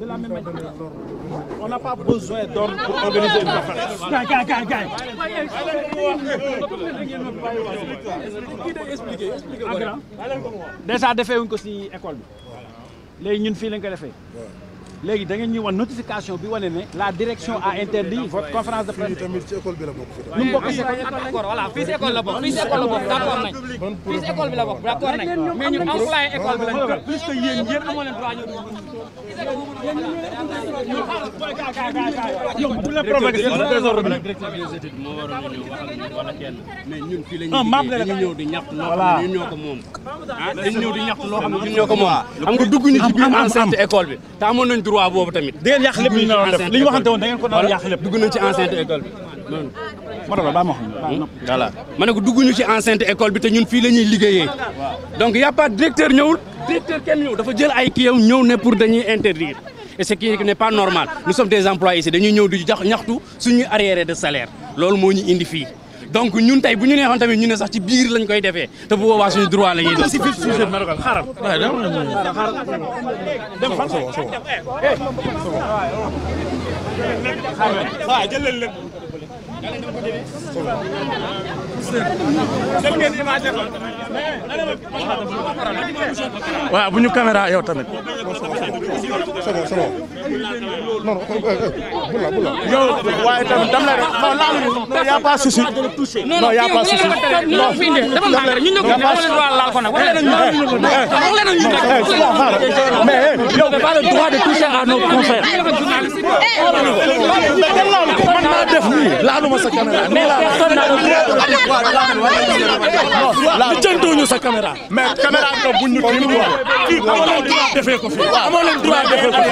De la même manière. On n'a pas besoin d'hommes pour ah, organiser une conférence. Déjà defee wuñ ko si école bi léegi ñun fii lañ ko defee léegi dangeen ngeen ñuy wan notification bi wane ne la direction a interdit votre conférence de presse. tamit ci école bi la bokk. lu mu bokk si école voilà fii si école la bokk fii si école la bokk d'accord nañ fii si école bi la bokk d'accord nañ mais ñun employé école bi lañ plus que yéen yéen amoo leen droit ñëw maam la dañu ñëw di ñaxtu loo xam ne ñun ñoo ko moom ah dañu ñëw di ñaxtu loo xam ne ñoo ko moom xam nga dugg ñu ci école bi 3 boobu tamit. da ngeen yàq lépp li ñu doon ne ko dugg ci enceinte école bi te ñun fii la ñuy liggéeyee. donc a pas directeur ñëwul. kenn ñëw dafa jël ay kiiw ñëw ne pour dañuy interdire. et ce qui n'est pas normal nous sommes des employés dañuy ñëw di jax ñaxtu suñuy arriéré de salaire loolu moo ñu indi fii. donc ñun tey bu ñu neexoon tamit ñu ne sax ci biir lañu koy defee te bu boobaa suñu droit la ñuy def. xaaral ah, eh, waaw bu ñu caméra yow tamit. non non yow waaye tam tam lay def non laaluñu non y' a pas souci. non y' a pas souci. non fii de dafa màgg rek ñun ñoo ko def wala wala laal ko nag wax leen ak ñun rek wax leen ak def nii laaluma sa caméra. mais personne n'a le droit de non la jëntooñu sa caméra. mais caméra am na buñ kii quoi. amoo leen droit defee ko fii amoo leen droit defee ko fii.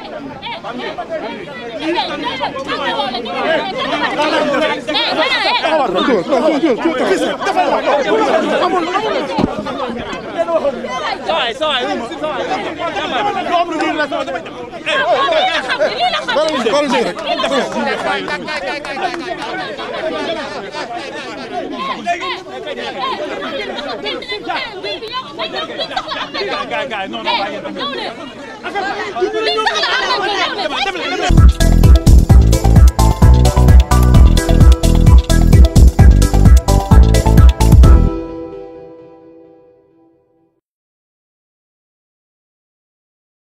Dur dur dur dur. sawaay sawaay wu ma sawaay wu ma dama lii la xam lii la xam xool si rek xool si rek